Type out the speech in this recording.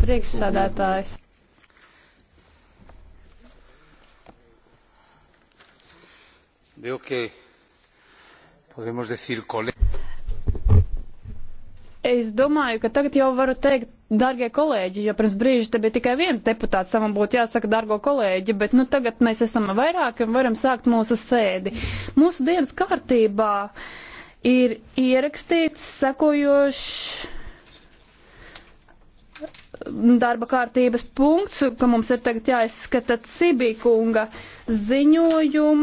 Priekšsādātājs. Veo que podemos decir colegas. Es domāju, ka tagad jau varu teikt, darbie kolēģi, jo pirms brīža te bija tikai viens deputāts, tam būtu jāsaka, darbo kolēģi, bet nu, tagad mēs esam vairāk un varam sākt mūsu sēdi. Mūsu dienas kārtībā ir ierakstīts sekojošs darba kārtības punkts, ka mums ir tagad jāizskata Cibikunga ziņojumu.